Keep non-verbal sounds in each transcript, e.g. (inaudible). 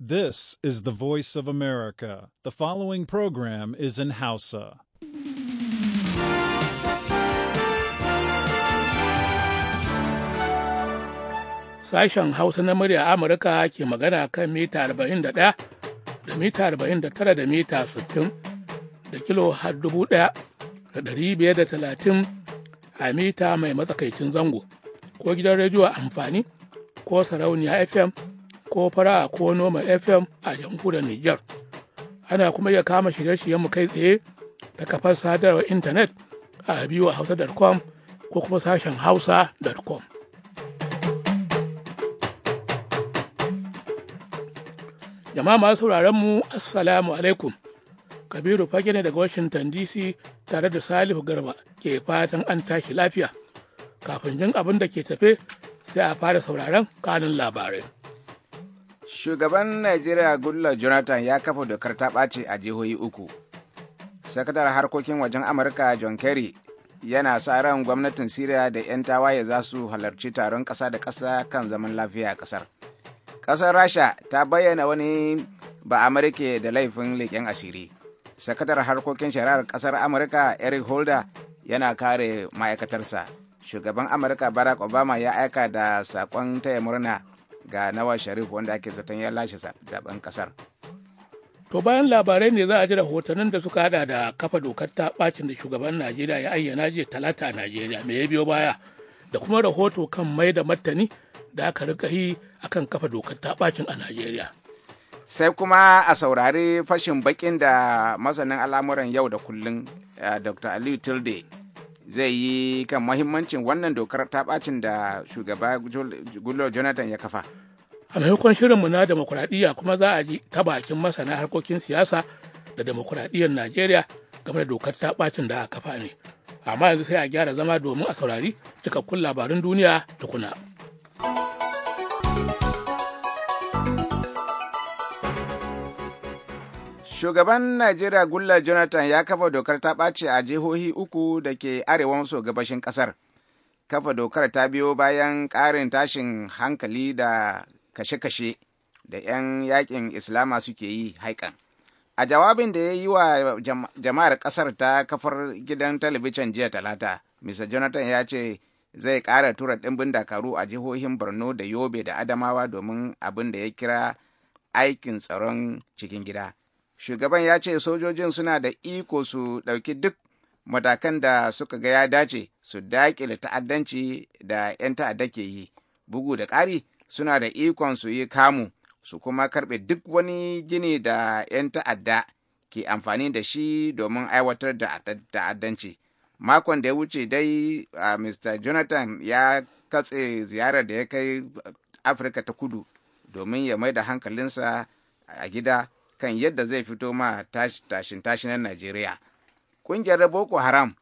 This is the voice of America. The following program is in Hausa. Sashen Hausa na murya Amurka ke magana kan mita 41 da mita 49 da mita 60 da kilo har 1,530 a mita mai matsakaicin zango ko gidan rediyo amfani ko sarauniya FM ko fara'a ko noma fm a yankunan niger ana kuma iya kama shirye-shiryenmu kai tsaye ta kafar sadarwar intanet a biyu hausa.com ko kuma sashen hausa.com jama'a masu sauraron mu assalamu alaikum kabiru fage ne daga washington dc tare da salihu garba ke fatan an tashi lafiya kafin jin abin da ke tafe sai a fara sauraron kanun labarai Shugaban Najeriya gulla Jonathan ya kafa dokar ta ɓace a jihohi uku. Sakatar harkokin wajen Amurka John Kerry yana sa ran gwamnatin Siriya da 'yan tawaye za su halarci taron ƙasa da ƙasa kan zaman lafiya a ƙasar. Ƙasar Rasha ta bayyana wani ba Amurka da laifin leƙen asiri. Sakatar harkokin shari'ar ƙasar Amurka Eric Holder yana kare ma'aikatarsa. Shugaban Amurka Barack Obama ya aika da saƙon taya murna ga nawa sharif wanda ake zaton ya lashe zaben kasar to bayan labarai ne za a ji rahotannin da suka hada da kafa dokar ta bacin da shugaban najeriya ya ayyana jiya talata a najeriya me ya biyo baya da kuma rahoto kan mai da martani da aka rika yi akan kafa dokar ta bacin a najeriya sai kuma a saurari fashin bakin da masanin al'amuran yau da kullun dr aliyu tilde zai yi kan mahimmancin wannan dokar ta bacin da shugaba jonathan ya kafa a maimakon shirinmu na demokuraɗiyya kuma za a ji ta bakin masana harkokin siyasa da demokuraɗiyyar najeriya game da dokar ta bacin da aka kafa ne amma yanzu sai a gyara zama domin a saurari cikakkun labarin duniya tukuna shugaban najeriya gulla jonathan ya kafa dokar ta ɓace a jihohi uku da ke arewa maso gabashin ƙasar kafa dokar ta biyo bayan ƙarin tashin hankali da kashe-kashe da 'yan yakin islama suke yi haikan a jawabin da ya yi wa jama'ar kasar ta kafar gidan talabijin jiya talata mr jonathan ya ce zai ƙara tura dimbin dakaru a jihohin borno da yobe da adamawa domin abin da ya kira aikin tsaron cikin gida shugaban ya ce sojojin suna da iko su ɗauki duk matakan da suka ga ya dace su daƙile ta'addanci da 'yan ta'adda ke yi bugu da ƙari suna da ikon su yi kamu su kuma karɓe duk wani gini da 'yan ta'adda ke amfani da shi domin aiwatar da ta'addanci. Makon da ya wuce dai Mr. Jonathan ya katse ziyarar da ya kai Afirka ta kudu domin ya mai da hankalinsa a gida kan yadda zai fito ma tashin tashinan Najeriya. Ƙungiyar Boko Haram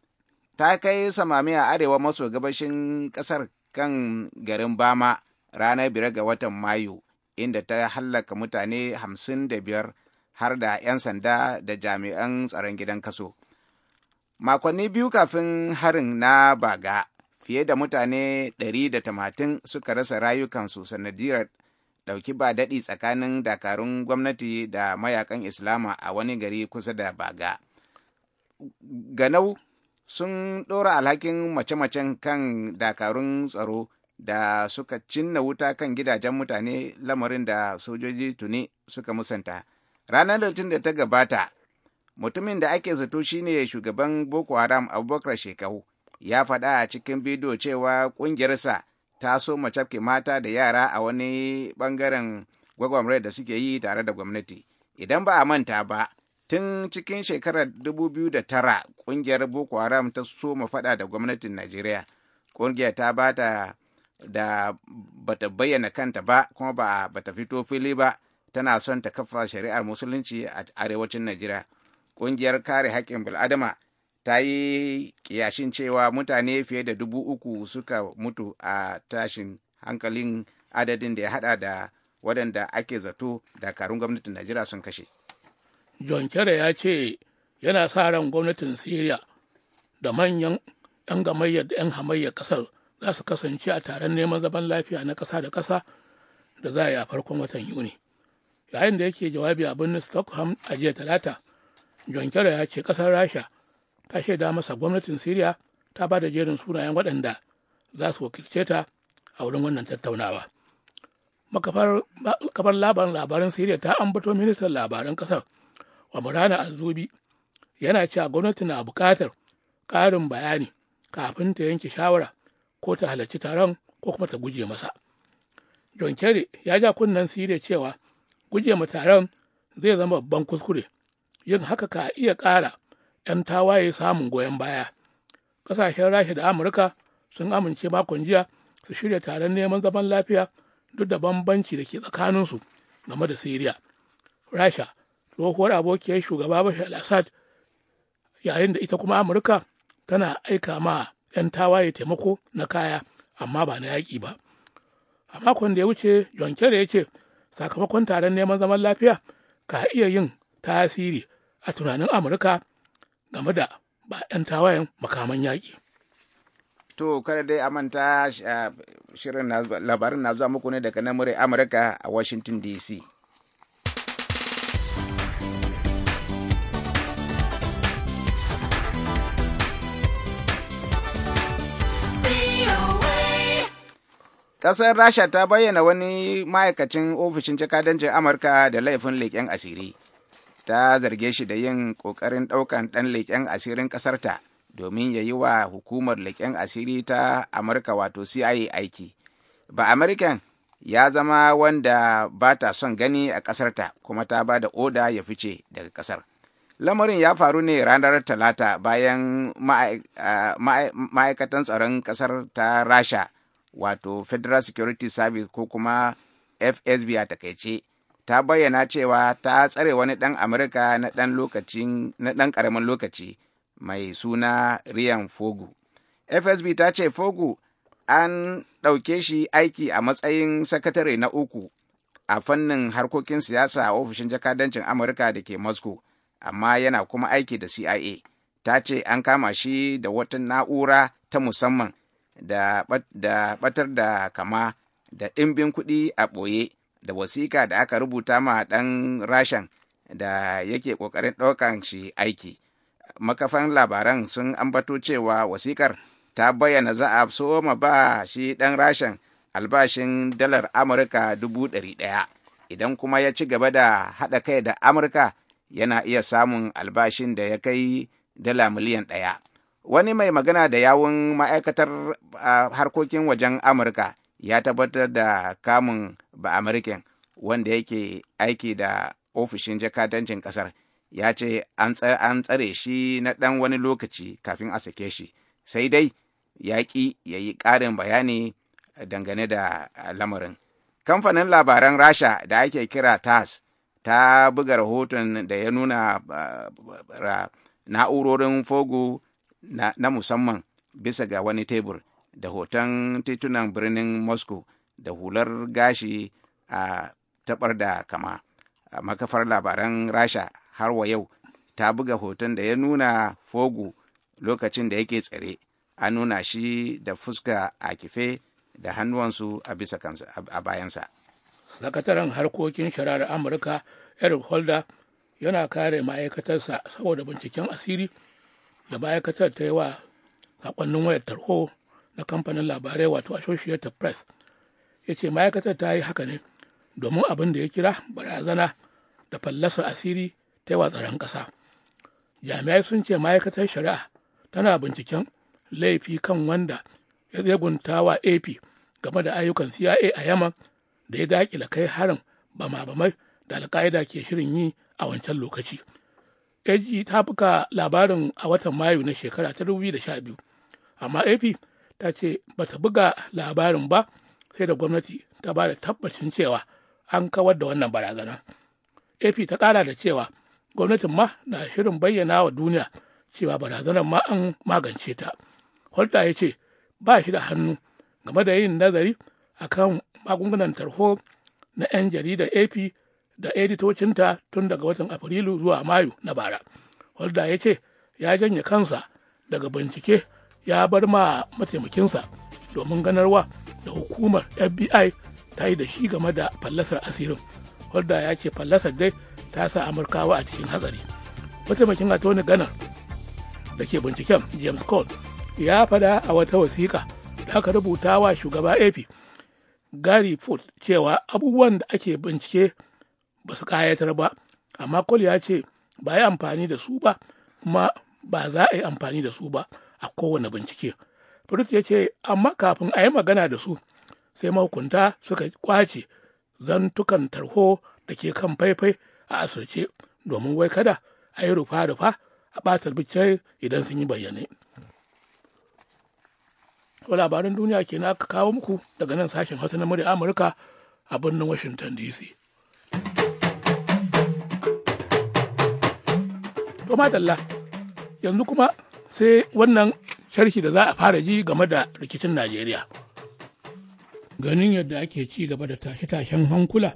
ta kai samami a arewa maso gabashin ƙasar kan garin Bama ranar biyar ga watan mayu inda ta hallaka mutane hamsin da biyar har da 'yan sanda da jami'an tsaron gidan kaso makonni biyu kafin harin na baga fiye da mutane 180 suka rasa rayukansu sanadiyar dauki ba daɗi tsakanin dakarun gwamnati da mayakan islama a wani gari kusa da baga ganau sun ɗora alhakin mace-macen kan dakarun tsaro da suka cinna wuta kan gidajen mutane lamarin da sojoji tuni suka musanta. Ranar Litinin da ta gabata, mutumin da ake zato shine shugaban Boko Haram Abubakar Shekau ya faɗa a cikin bidiyo cewa ƙungiyarsa ta so macafke mata da yara a wani ɓangaren gwagwamrai da suke yi tare da gwamnati. Idan ba a manta ba, tun cikin shekarar 2009 ƙungiyar Boko Haram ta so faɗa da gwamnatin Najeriya. Ƙungiyar ta bata. da ba ta bayyana kanta ba kuma ba ta fito fili ba tana son ta kafa shari'ar musulunci a arewacin najeriya ƙungiyar kare haƙƙin bil'adama ta yi kiyashin cewa mutane fiye da dubu uku suka mutu a tashin hankalin adadin da ya haɗa da waɗanda ake zato dakarun gwamnatin najeriya sun kashe john kere ya ce yana sa ran gwamnatin syria da manyan 'yan hamayyar ƙasar za su kasance a taron neman zaman lafiya na ƙasa da ƙasa da za a yi a farkon watan yuni yayin da yake jawabi a birnin stockholm a jiya talata john kerry ya ce ƙasar rasha ta shaida masa gwamnatin syria ta ba da jerin sunayen waɗanda za su wakilce ta a wurin wannan tattaunawa makafar labarin labaran syria ta ambato ministan labaran ƙasar wa murana alzubi yana cewa gwamnati na buƙatar ƙarin bayani kafin ta yanke shawara ko ta halarci taron ko kuma ta guje masa john kerry ya ja kunnen siriya cewa guje ma taron zai zama babban kuskure yin haka ka iya ƙara 'yan tawaye samun goyon baya ƙasashen rasha da amurka sun amince makon jiya su shirya taron neman zaman lafiya duk da bambanci da ke tsakaninsu game da siriya rasha tsohuwar abokiyar shugaba bashar al-assad yayin da ita kuma amurka tana aika ma 'yan tawaye taimako na kaya amma ba na yaƙi ba a makon da ya wuce john kerry ya ce sakamakon taron neman zaman lafiya ka iya yin tasiri a tunanin amurka game da ba 'yan tawayen makaman yaƙi to kada dai amanta shirin labarin na zuwa muku ne daga nan amurka a washington dc Ƙasar Rasha ta bayyana wani ma'aikacin ofishin jakadancin Amurka da laifin leƙen asiri. Ta zarge shi da yin ƙoƙarin ɗaukan ɗan leƙen asirin ƙasarta domin ya yi wa hukumar leƙen asiri ta Amurka wato CIA aiki. Ba Amurkan ya zama wanda ba ta son gani a ƙasarta kuma ta ba da oda ya fice daga ƙasar. lamarin ya faru ne ranar talata bayan ma'aikatan tsaron ƙasar ta rasha wato federal security service ko kuma fsb a takaice ta bayyana cewa ta tsare wani ɗan amurka na ɗan ƙaramin lokaci mai suna riyan fogu fsb ta ce fogu an ɗauke shi aiki a matsayin sakatare na uku a fannin harkokin siyasa a ofishin jakadancin amurka da ke moscow amma yana kuma aiki da cia ta ce an kama shi da wata na'ura ta musamman da batar da kama da ɗimbin kuɗi a ɓoye da wasiƙa da aka rubuta ma ɗan rashan da yake ƙoƙarin ɗaukan shi aiki makafan labaran sun ambato cewa wasiƙar ta bayyana za a soma ba shi ɗan rashen albashin dalar amurka dubu ɗari ɗaya idan kuma ya ci gaba da haɗa kai da amurka yana iya samun albashin da ya kai dala miliyan ɗaya wani mai magana da yawun ma'aikatar harkokin wajen amurka ya tabbatar da kamun ba amurkin wanda yake aiki da ofishin jakadancin kasar ya ce an tsare shi na ɗan wani lokaci kafin a sake shi sai dai ya ƙi ya yi ƙarin bayani dangane da lamarin kamfanin labaran rasha da ake kira tas ta buga rahoton da ya nuna na'urorin fogo na, na musamman bisa ga wani tebur da hoton titunan birnin moscow da hular gashi a tabar da kama a makafar labaran rasha har wa yau ta buga hoton da ya nuna fogu lokacin da yake tsare a nuna shi da fuska a kife da hannuwansu a bisa kansa a bayansa sakataren harkokin shari'ar amurka eric holder yana kare ma'aikatarsa saboda binciken asiri da ma'aikatar ta yi wa sakonnin wayar tarho na kamfanin labarai wato associated press ya ce ma'aikatar ta yi haka ne domin abin da ya kira barazana da fallasar asiri ta yi wa tsaron ƙasa jami'ai sun ce ma'aikatar shari'a tana binciken laifi kan wanda ya tsegunta wa ap game da ayyukan cia a yaman da ya dakila kai harin bama-bamai da alka'ida ke shirin yi a wancan lokaci AG ta buka labarin a watan Mayu na shekara ta 2012, amma AP ta ce ba ta buga labarin ba sai da gwamnati ta ba da tabbacin cewa an kawar da wannan barazana. AP ta kara da cewa gwamnatin ma na shirin bayyana wa duniya cewa barazanar ma an magance ta. Holta ya ce ba shi da hannu game da yin nazari akan magungunan tarho na 'yan jaridar AP da editocinta tun daga watan afrilu zuwa mayu na bara holda ya ce ya janye kansa daga bincike ya bar ma mataimakinsa domin ganarwa da hukumar fbi ta yi da shi game da fallasar asirin holda ya ce fallasar dai ta sa amurkawa a cikin hatsari mataimakin attorney ganar da ke binciken james cole ya fada a wata wasiƙa da aka rubuta wa shugaba ap gary ford cewa abubuwan da ake bincike ba su ƙayatar ba amma kol ya ce ba yi amfani da su ba kuma ba za a yi amfani da su ba a kowane bincike firist ya ce amma kafin a yi magana da su sai mahukunta suka kwace zantukan tarho da ke kan faifai a asirce domin wai kada a yi rufa-rufa a ɓata bice idan sun yi bayyane ko labaran duniya ke na kawo muku daga nan sashen hausa na murya amurka a birnin washington dc to dalla yanzu kuma sai wannan sharhi da za a fara ji game da rikicin najeriya ganin yadda ake ci gaba da tashe-tashen hankula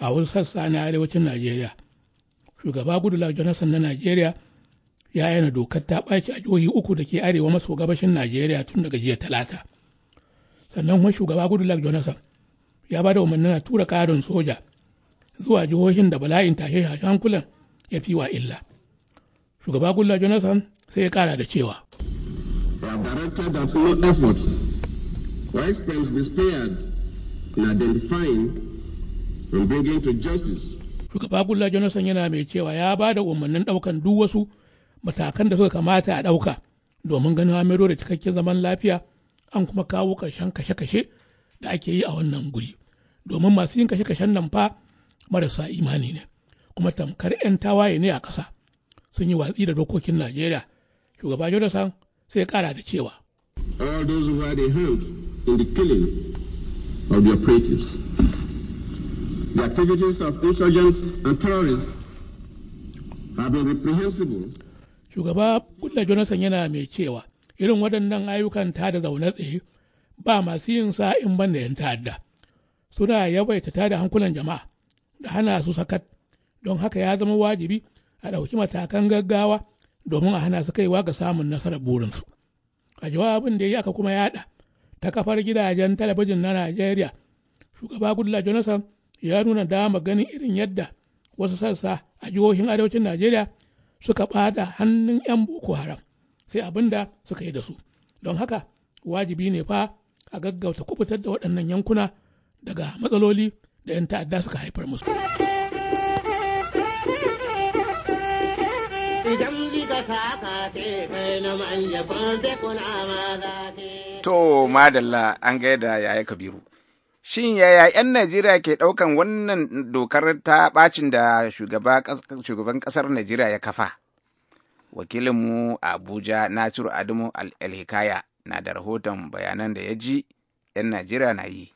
a wasu sassa na arewacin najeriya shugaba goodluck jonathan na najeriya ya yana dokar ta ɓaci a jihohi uku da ke arewa maso gabashin najeriya tun daga jiya talata sannan kuma shugaba goodluck jonathan ya ba da umarnin a tura karin soja zuwa jihohin da bala'in tashe-tashen hankulan ya fi wa illa shugaba gulla jonathan sai ya kara da cewa shugaba gulla jonathan yana mai cewa ya ba da umarnin daukan duk wasu matakan da suka kamata a dauka domin ganin amero da cikakken zaman lafiya an kuma kawo karshen kashe-kashe da ake yi a wannan guri domin masu yin kashe-kashen nan fa marasa imani ne kuma tamkar 'yan tawaye ne a ƙasa sun yi watsi da dokokin Najeriya. Shugaba Jonathan sai ya kara da cewa. All those who had a hand in the killing of the operatives, the activities of insurgents and terrorists have been reprehensible. Shugaba Kudla Jonathan yana mai cewa irin waɗannan ayyukan ta da zaune tsaye ba masu yin sa in ban da 'yan ta'adda. Suna yawaita ta da hankulan jama'a da hana su sakat don haka ya zama wajibi a ɗauki matakan gaggawa domin a hana su kaiwa ga samun nasarar burinsu a jawabin da ya yi aka kuma yaɗa ta kafar gidajen talabijin na najeriya shugaba gudula jonathan ya nuna dama ganin irin yadda wasu sassa a jihohin arewacin najeriya suka bada hannun 'yan boko haram sai abin da suka yi da su don haka wajibi ne fa a gaggauta kubutar da waɗannan yankuna daga matsaloli da 'yan ta'adda suka haifar musu. To, madalla an gaida yaya Kabiru. Shin yaya 'yan Najeriya ke ɗaukan wannan dokar ta ɓacin da shugaban ƙasar Najeriya ya kafa? Wakilinmu Abuja Nasiru Adamu Alhikaya na da rahoton bayanan da ya ji 'yan Najeriya na yi.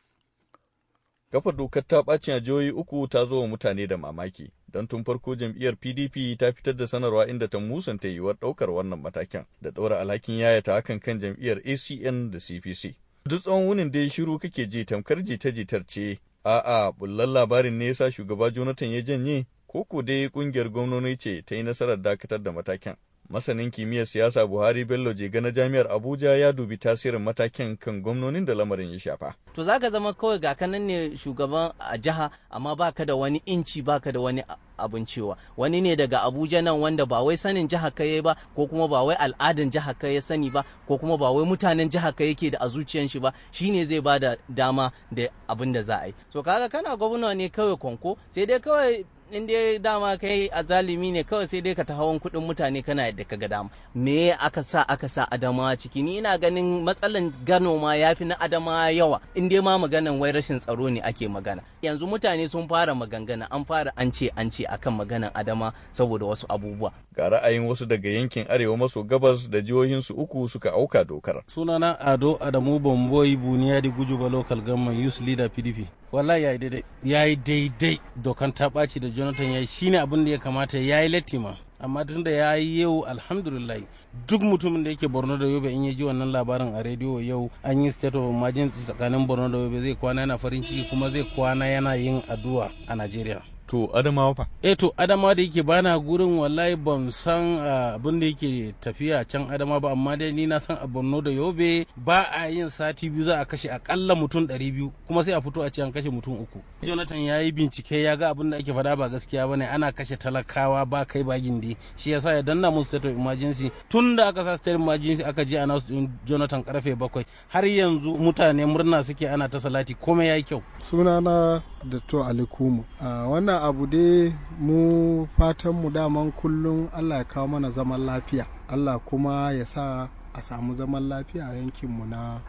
Kafa dokar ta ɓacin a jihohi uku ta zo wa mutane da mamaki. don tun farko jam'iyyar PDP ta fitar da sanarwa inda ta musanta yiwuwar ɗaukar wannan matakin da ɗaura alhakin yayata hakan kan jam'iyyar ACN da CPC. Duk tsawon wunin da ya shiru kake ji tamkar jita-jitar ce, a'a bullan labarin ne yasa shugaba Jonathan ya janye ko ko dai kungiyar gwamnoni ce ta yi nasarar dakatar da matakin. Masanin kimiyyar siyasa Buhari Bello Jega na Jami'ar Abuja ya dubi tasirin matakin kan gwamnonin da lamarin ya shafa. To zaka zama kawai ga kanan ne shugaban a jiha amma baka da wani inci baka da wani abin cewa wani ne daga abuja nan wanda ba wai sanin jiha ka ba ko kuma ba wai al'adan jiha ka ya sani ba ko kuma ba wai mutanen jiha ka yake da a zuciyan shi ba shine zai ba da dama da abin da za a yi to kaga kana gwamna ne kawai konko sai dai kawai in dai dama kai a zalimi ne kawai sai dai ka ta hawan kuɗin mutane kana yadda ka ga dama me aka sa aka sa adama ciki ni ina ganin matsalan gano ma fi na adama yawa in dai ma maganan wai rashin tsaro ne ake magana yanzu mutane sun fara magangana an fara an ce an ce akan maganan adama saboda wasu abubuwa ga ra'ayin wasu daga yankin arewa maso gabas da jihohin su uku suka auka dokar sunana ado adamu bamboi buniyadi gujuba local government youth leader pdp wala ya yi daidai ya yi daidai dokan ta ɓaci da jonathan ya yi ne abin da ya kamata ya yi ma amma tun da ya yi yau alhamdulillah duk mutumin da yake borno da yobe in ya ji wannan labarin a rediyo yau an yi state of emergency tsakanin borno da yobe zai kwana yana farin ciki kuma zai kwana yana yin addu'a a Nigeria. to adamawa fa eh to adamawa da yake bana gurin wallahi ban san ah, abin da yake tafiya can adama ba amma dai ni na san a borno da yobe ba a yin sati biyu za a kashe akalla mutum ɗari biyu kuma sai a fito a ce an kashe mutum uku jonathan ya yi bincike ya ga abin da ake faɗa ba gaskiya ba ne ana kashe talakawa ba kai ba gindi shi yasa ya danna musu state of emergency tun da aka sa state of emergency aka je ana din jonathan karfe bakwai har yanzu mutane murna suke ana ta salati komai ya yi kyau sunana da to alikumu ah, wannan abu dai mu mu daman kullum allah ya kawo mana zaman lafiya allah kuma ya sa a samu zaman lafiya a mu na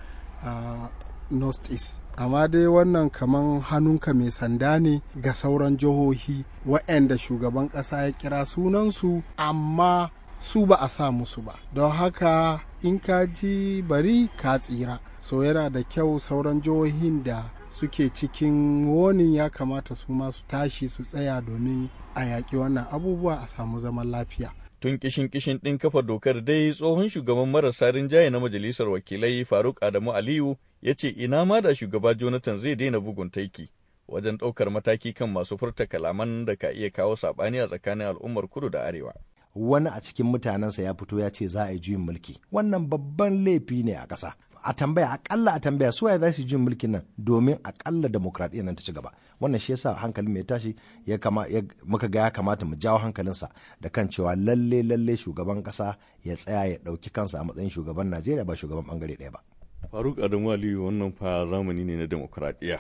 north east amma dai wannan kaman hannunka mai sanda ne ga sauran jihohi wa'anda shugaban ƙasa ya kira sunansu amma su ba a sa musu ba don haka in ka ji bari ka tsira so yana da kyau sauran jihohin da suke cikin wonin ya kamata su ma su tashi su tsaya domin a yaƙi wannan abubuwa a samu zaman lafiya. tun kishin kishin ɗin kafa dokar dai tsohon shugaban marasa rinjaye na majalisar wakilai faruk adamu aliyu ya ce ina ma da shugaba jonathan zai daina bugun taiki wajen ɗaukar mataki kan masu furta kalaman da ka iya kawo saɓani a tsakanin al'ummar kudu da arewa wani a cikin mutanensa ya fito ya ce za a yi juyin mulki wannan babban laifi ne a ƙasa a tambaya akalla a tambaya su waye za su jin mulkin nan domin akalla demokradiyyar nan ta ci gaba wannan shi yasa hankalin mai tashi ya kama ya muka ga ya kamata mu jawo hankalinsa da kan cewa lalle lalle shugaban kasa ya tsaya ya dauki kansa a matsayin shugaban Najeriya ba shugaban bangare ɗaya ba Faruk Adamu Aliyu wannan fa zamani ne na demokradiyya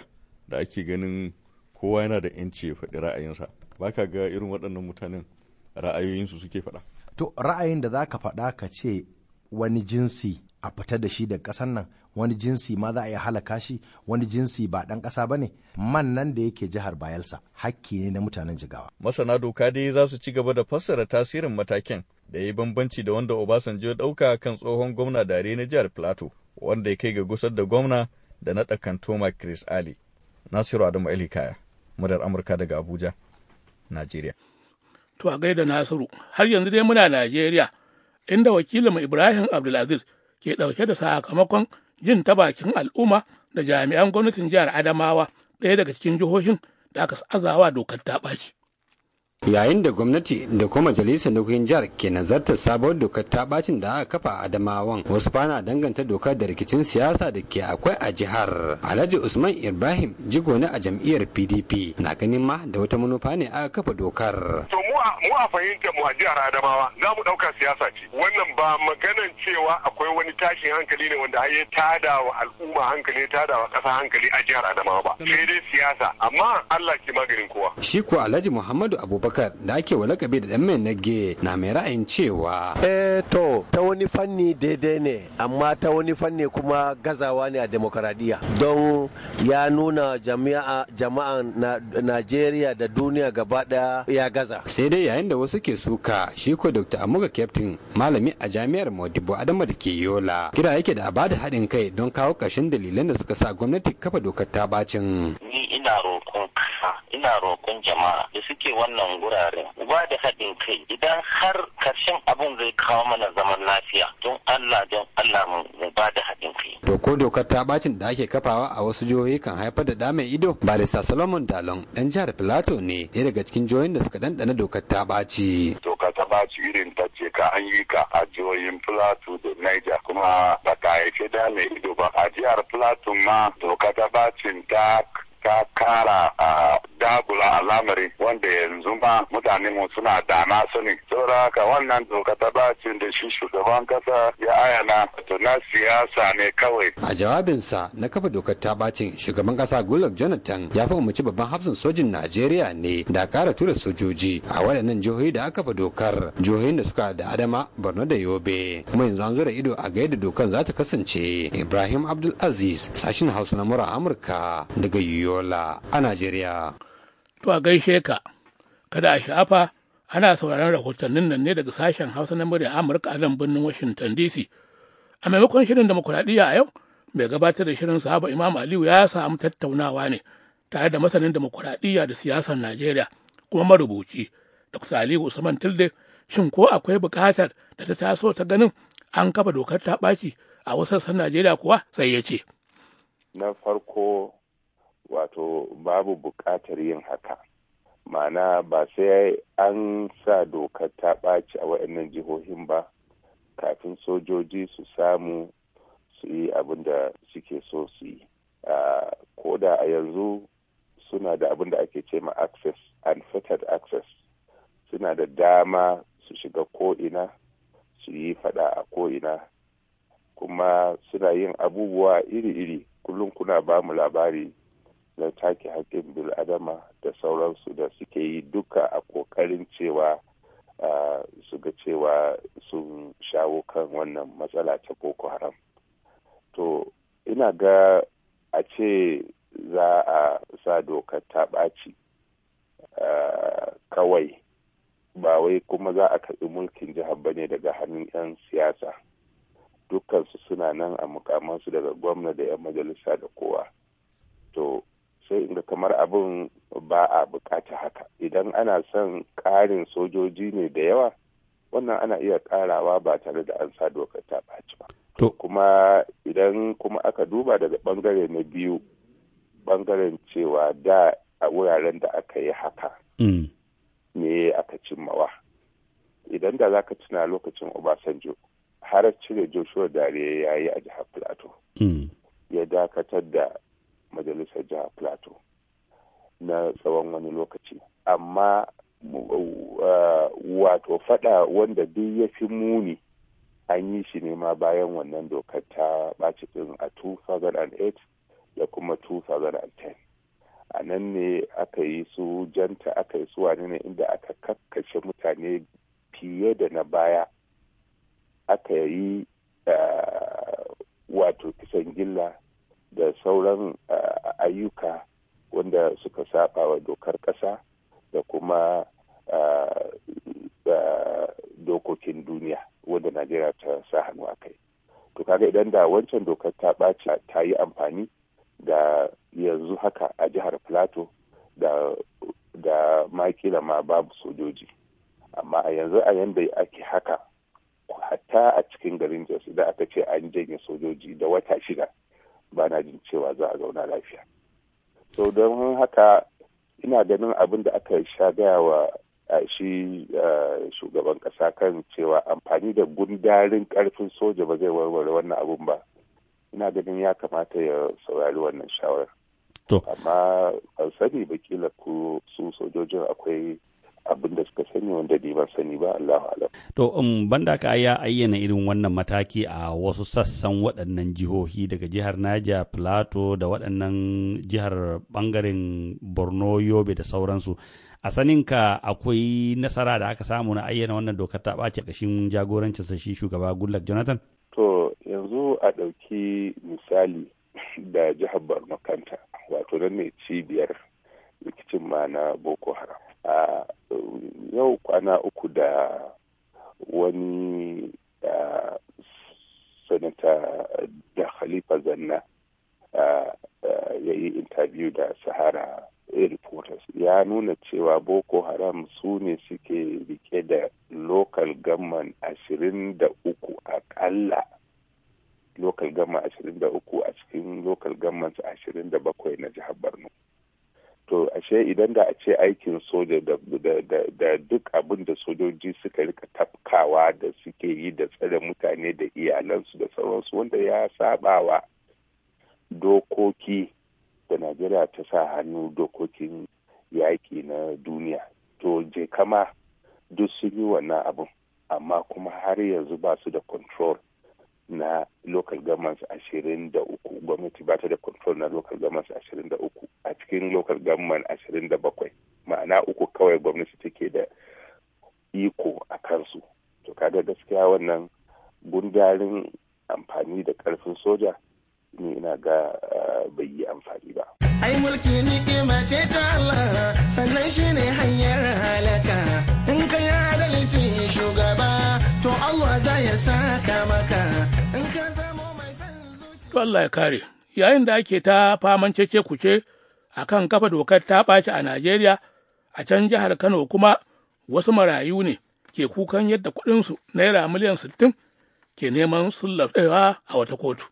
da ake ganin kowa yana da yanci ya faɗi ra'ayinsa baka ga irin waɗannan mutanen ra'ayoyinsu suke faɗa to ra'ayin da zaka faɗa ka ce wani jinsi a fita da shi daga ƙasar nan wani jinsi ma za a iya halaka shi wani jinsi ba ɗan ƙasa ba ne man nan da yake jihar bayelsa hakki ne na mutanen jigawa. masana doka dai za su ci gaba da fassara tasirin matakin da ya yi bambanci da wanda obasanjo ya ɗauka kan tsohon gwamna dare na jihar plateau wanda ya kai ga gusar da gwamna da naɗa toma chris ali nasiru adamu ali kaya murar amurka daga abuja najeriya. to a gaida nasiru har yanzu dai muna najeriya inda wakilinmu ibrahim abdulaziz ke ɗauke da sakamakon jin ta bakin al'umma da jami'an gwamnatin jihar Adamawa ɗaya daga cikin jihohin da aka azawa dokar ta ɓaci. yayin da gwamnati da kuma majalisar dokokin jihar ke nazartar sabuwar dokar ta bacin da aka kafa a adamawan wasu fana danganta dokar da rikicin siyasa da ke akwai a jihar alhaji usman ibrahim jigo na a jam'iyyar pdp na ganin ma da wata manufa ne aka kafa dokar to mu a fahimtar mu a jihar adamawa za mu ɗauka siyasa ce wannan ba maganan cewa akwai wani tashin hankali ne wanda ya tada wa al'umma hankali tada wa ƙasa hankali a jihar adamawa ba sai dai siyasa amma allah ke maganin kowa shi ko alhaji muhammadu abubakar abubakar da ake wa lakabi da dan mai nage na mai ra'ayin cewa eh to ta wani fanni daidai ne amma ta wani fanni kuma gazawa ne a demokaradiyya don ya nuna jami'a jama'an na, najeriya da duniya gaba daya ya gaza sai dai yayin da wasu ke suka shi ko dr amuga captain malami a jami'ar modibo adama da ke yola kira yake da abada haɗin kai don kawo ƙarshen dalilan da suka sa gwamnati kafa dokar ta bacin ni ina roƙon ina roƙon jama'a da suke wannan wuraren ba da haɗin kai idan har karshen abin zai kawo mana zaman lafiya don Allah don Allah mu ba da haɗin kai. To ko dokar ta bacin da ake kafawa a wasu jihohi kan haifar da ɗa ido barista Solomon Dalon ɗan jihar Filato ne ɗaya daga cikin jihohin da suka ɗanɗana dokar ta ɓaci. Dokar ta ɓaci irin ta ce ka an yi ka a jihohin Filato da Niger kuma ba ka haife da ido ba a jihar Filato ma dokar ta bacin ta ta kara a dagula a al'amari wanda yanzu ma mutane mu suna dana sani saboda haka wannan doka ta bacin da shi shugaban kasa ya ayana to na siyasa ne kawai a jawabinsa na kafa dokar ta bacin shugaban kasa goodluck jonathan ya fi umarci babban hafsin sojin najeriya ne da kara tura sojoji a waɗannan jihohi da aka fa dokar jihohin da suka da adama borno da yobe kuma yanzu an zura ido a ga yadda dokar za ta kasance ibrahim abdulaziz sashin hausa na mura amurka daga yiwu Yola a Najeriya. To a gaishe ka, kada a shafa ana sauraron rahotannin nan ne daga sashen Hausa na murya Amurka a nan birnin Washington DC. A maimakon shirin demokuraɗiyya a yau, mai gabatar da shirin sahaba Imam Aliyu ya samu tattaunawa ne tare da masanin demokuraɗiyya da siyasar Najeriya kuma marubuci Dr. Aliyu Usman Tilde shin ko akwai buƙatar da ta taso ta ganin an kafa dokar ta ɓaci a wasu sassan Najeriya kuwa sai ya ce. Na farko wato babu buƙatar yin haka ma'ana ba sai an sa dokar ta ɓaci a waɗannan jihohin ba kafin sojoji su samu su yi abin da suke so su yi ko da a yanzu suna da abin da ake ce ma access unfettered access suna da dama su shiga ko'ina su yi fada a ko'ina kuma suna yin abubuwa iri-iri kullum kuna ba mu labari na take haƙƙin bil'adama da sauransu da suke yi duka a ƙoƙarin cewa su ga cewa sun shawo kan wannan matsala ta boko haram to ina ga a ce za a sa dokar ta ɓaci kawai ba wai kuma za a karɓi mulkin jihar ba ne daga hannun 'yan siyasa dukkansu suna nan a mukamansu daga gwamna da 'yan majalisa da kowa to sai inda kamar abin ba a bukata haka idan ana son ƙarin sojoji ne da yawa wannan ana iya ƙarawa ba tare da an sa dokar ta ɓaci ba to kuma idan kuma aka duba daga bangare na biyu ɓangaren cewa da a wuraren da aka yi haka me mm. aka cimmawa idan da za ka tuna lokacin obasanjo har cire joshua dare ya yi a jihar plateau mm. ya dakatar da majalisar jihar plateau na tsawon wani lokaci amma uh, wato fada wanda duk ya fi muni an yi shi ne ma bayan wannan dokar ta ɓaci ɗin a 2008 da kuma 2010 a nan ne aka yi su janta aka yi su wani ne inda aka kakkashe mutane fiye da na baya aka yi uh, wato kisan gilla da sauran ayyuka wanda suka saba wa dokar ƙasa da kuma dokokin duniya wanda najeriya ta sa hannu a kai to kaga idan da wancan dokar ta ɓaci ta yi amfani da yanzu haka a jihar plato da da makila ma babu sojoji amma a yanzu a yanda ake haka hatta a cikin garin jos idan aka ce an janye sojoji da wata shida ba na jin cewa za a zauna lafiya so don haka ina ganin abin da aka sha gaya wa shi shugaban kasa kan cewa amfani da gundarin karfin soja ba zai warware wannan abun ba ina ganin ya kamata ya saurari wannan shawarar amma ban sani ba kila ku su sojojin akwai abin da suka sani wanda dai sani ba Allahu alam to um, banda ka ya ayyana irin wannan mataki a wasu sassan waɗannan jihohi daga jihar Niger Plateau da waɗannan jihar bangaren Borno Yobe da sauransu a saninka akwai nasara da aka samu na ayyana wannan dokar ta ɓace ƙashin jagorancin sa shugaba Goodluck Jonathan to yanzu a ɗauki misali (laughs) da jihar Borno kanta wato nan ne cibiyar rikicin ma na Boko Haram yau kwana uku da wani sanata da khalifa zanna ya yi intabiyu da sahara reporters ya nuna cewa boko haram su ne suke rike da local gamman ashirin da uku akalla local gamman ashirin da uku a cikin local gamman ashirin da bakwai na jihar ce idan da a ce aikin soja da duk abin da sojoji suka rika tafkawa da suke yi da tsare mutane da iyalansu da sauransu wanda ya sabawa dokoki da najeriya ta sa hannu dokokin yaƙi na duniya to je kama duk sun yi wannan abin amma kuma har yanzu ba su da control na local governments ashirin da uku gwamnati ba ta da control na local governments ashirin da uku a cikin local government ashirin da bakwai ma'ana uku kawai gwamnati take da iko a kansu to kaga gaskiya wannan gundarin amfani da karfin soja ni ina ga eh, bai yi amfani ba ai mulki ni ce ta Allah sannan shine hanyar halaka ce shugaba to Allah za ya saka maka in ka zamo mai ya kare, yayin da ake ta faman cece kuce a kan kafa dokar ta ɓaci a Najeriya, a can jihar Kano kuma wasu marayu ne ke kukan yadda kuɗinsu naira miliyan sittin ke neman sullafewa a wata kotu.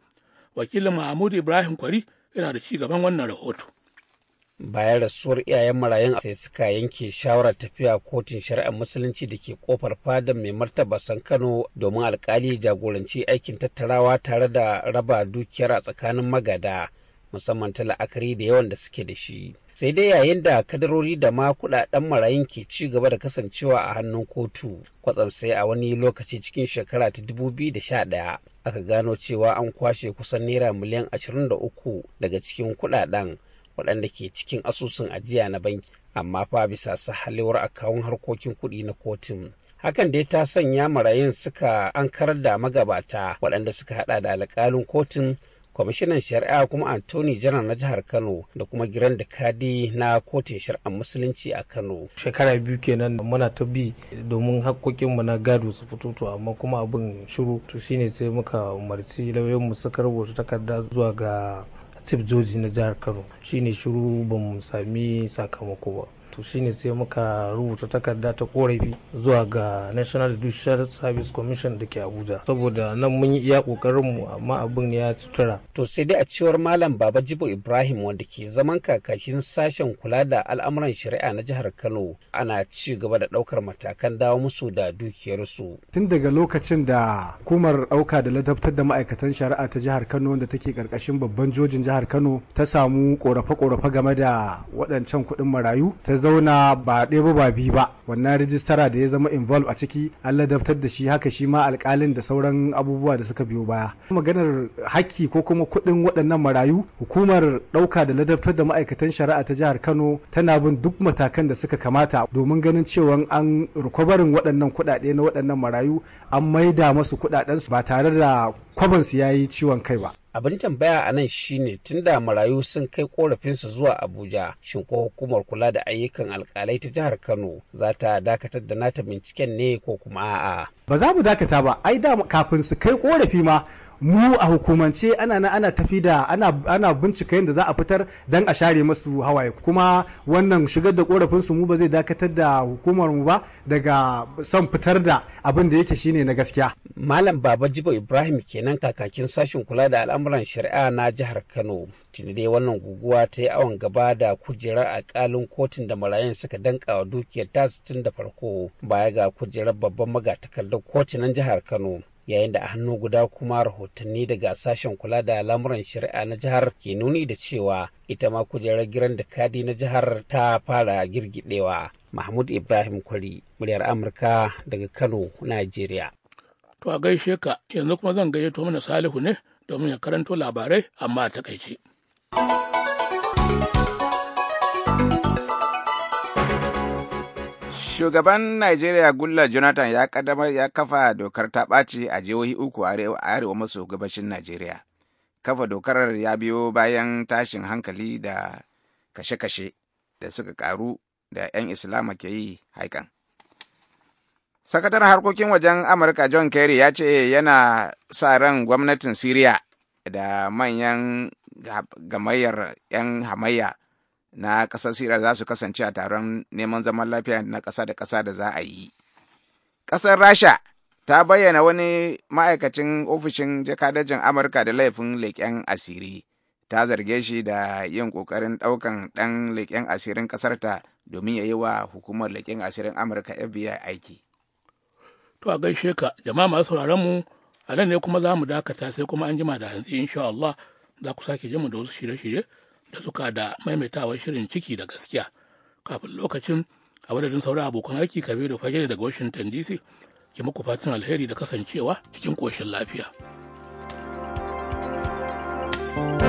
Wakilin Mahmud Ibrahim Kwari yana da ci gaban wannan rahoto. bayan rasuwar iyayen marayun sai suka yanke shawarar tafiya kotun shari'ar musulunci da ke kofar fadar mai martaba san kano domin alkali jagoranci aikin tattarawa tare da raba dukiyar a tsakanin magada musamman ta la'akari da yawan da suke da shi sai dai yayin da kadarori da ma kudaden marayun ke ci gaba da kasancewa a hannun kotu kwatsam sai a wani lokaci cikin shekara ta 2011 aka gano cewa an kwashe kusan naira miliyan 23 daga cikin kudaden waɗanda ke cikin asusun ajiya na banki amma fa bisa sahalewar akawun harkokin kuɗi na kotun hakan da ya ta sanya marayun suka ankar da magabata waɗanda suka hada da alƙalin kotun kwamishinan shari'a kuma antoni janar na jihar kano da kuma giran da kadi na kotun shari'ar musulunci a kano shekara biyu kenan muna ta bi domin mu na gado su fito to amma kuma abin shiru to shine sai muka umarci mu suka rubuta takarda zuwa ga steve joji na jihar kano shine shiru ba mu sami sakamako ba to shine sai muka rubuta takarda ta korafi zuwa ga national judicial service commission da ke abuja saboda nan mun yi iya kokarin mu amma abin ya tutura to sai dai a cewar malam baba jibo ibrahim wanda ke zaman kakakin sashen kula da al'amuran shari'a na jihar kano ana ci gaba da daukar matakan dawo musu da dukiyarsu tun daga lokacin da hukumar dauka da ladabtar da ma'aikatan shari'a ta jihar kano wanda take karkashin babban jojin jihar kano ta samu korafe-korafe game da waɗancan kuɗin marayu ta zauna ba ɗaya ba biyu ba wannan rijistara da ya zama involve a ciki an ladabtar da shi haka shi ma alƙalin da sauran abubuwa da suka biyo baya maganar hakki ko kuma kuɗin waɗannan marayu hukumar ɗauka da ladabtar da ma'aikatan shari'a ta jihar kano tana bin duk matakan da suka kamata domin ganin cewa an rikwabarin waɗannan kuɗaɗe na waɗannan marayu an maida masu kuɗaɗensu ba tare da kwabansu ya yi ciwon kai ba. abin tambaya a nan shine da marayu sun kai korafinsu zuwa abuja shin ko hukumar kula da ayyukan alkalai ta jihar kano za ta dakatar da nata binciken ne ko kuma a'a ba za mu dakata ba ai da kafin su kai korafi ma mu a hukumance ana na ana tafi da ana bincika yadda za a fitar dan a share masu hawaye kuma wannan shigar da korafin su mu ba zai dakatar da hukumar mu ba daga son fitar da abin da yake shine na gaskiya malam baba jibo ibrahim kenan kakakin sashen kula da al'amuran shari'a na jihar kano tuni dai wannan guguwa ta yi awon gaba da kujerar alkalin kotun da marayun suka danka wa dukiyar tasu tun da farko baya ga kujerar babban magatakardar kotunan jihar kano yayin da a hannu guda kuma rahotanni daga sashen kula da lamuran shari'a na jihar ke nuni da cewa ita ma kujerar giran da kadi na jihar ta fara girgidewa mahmud ibrahim kwari muryar amurka daga kano nigeria to a gaishe ka yanzu kuma zan gayyato mana salihu ne domin ya karanto labarai amma a takaice. Shugaban Najeriya Gulla Jonathan ya kadama ya kafa dokar ta ɓaci a jihohi uku a arewa maso gabashin Najeriya. Kafa dokar ya biyo bayan tashin hankali da kashe-kashe da suka karu da 'yan Islama ke yi haikan. sakatar harkokin wajen Amurka John Kerry ya ce yana sa ran gwamnatin Siriya da manyan gama'yar 'yan hamayya na ƙasar sira za su kasance a taron neman zaman lafiya na ƙasa da ƙasa da za a yi. Ƙasar Rasha ta bayyana wani ma'aikacin ofishin jakadajin Amurka da laifin leƙen asiri. Ta zarge shi da yin ƙoƙarin ɗaukan ɗan leƙen asirin ƙasarta domin ya yi wa hukumar leƙen asirin Amurka FBI aiki. To a gaishe ka jama'a masu sauraron mu a nan ne kuma za mu dakata sai kuma an jima da hantsi insha Allah za ku sake jima da wasu shirye-shirye. da suka da maimaitawar shirin ciki da gaskiya kafin lokacin a madadin sauran abokan aiki kabe da fage daga washington dc ke muku fatan alheri da kasancewa cikin koshin lafiya. thank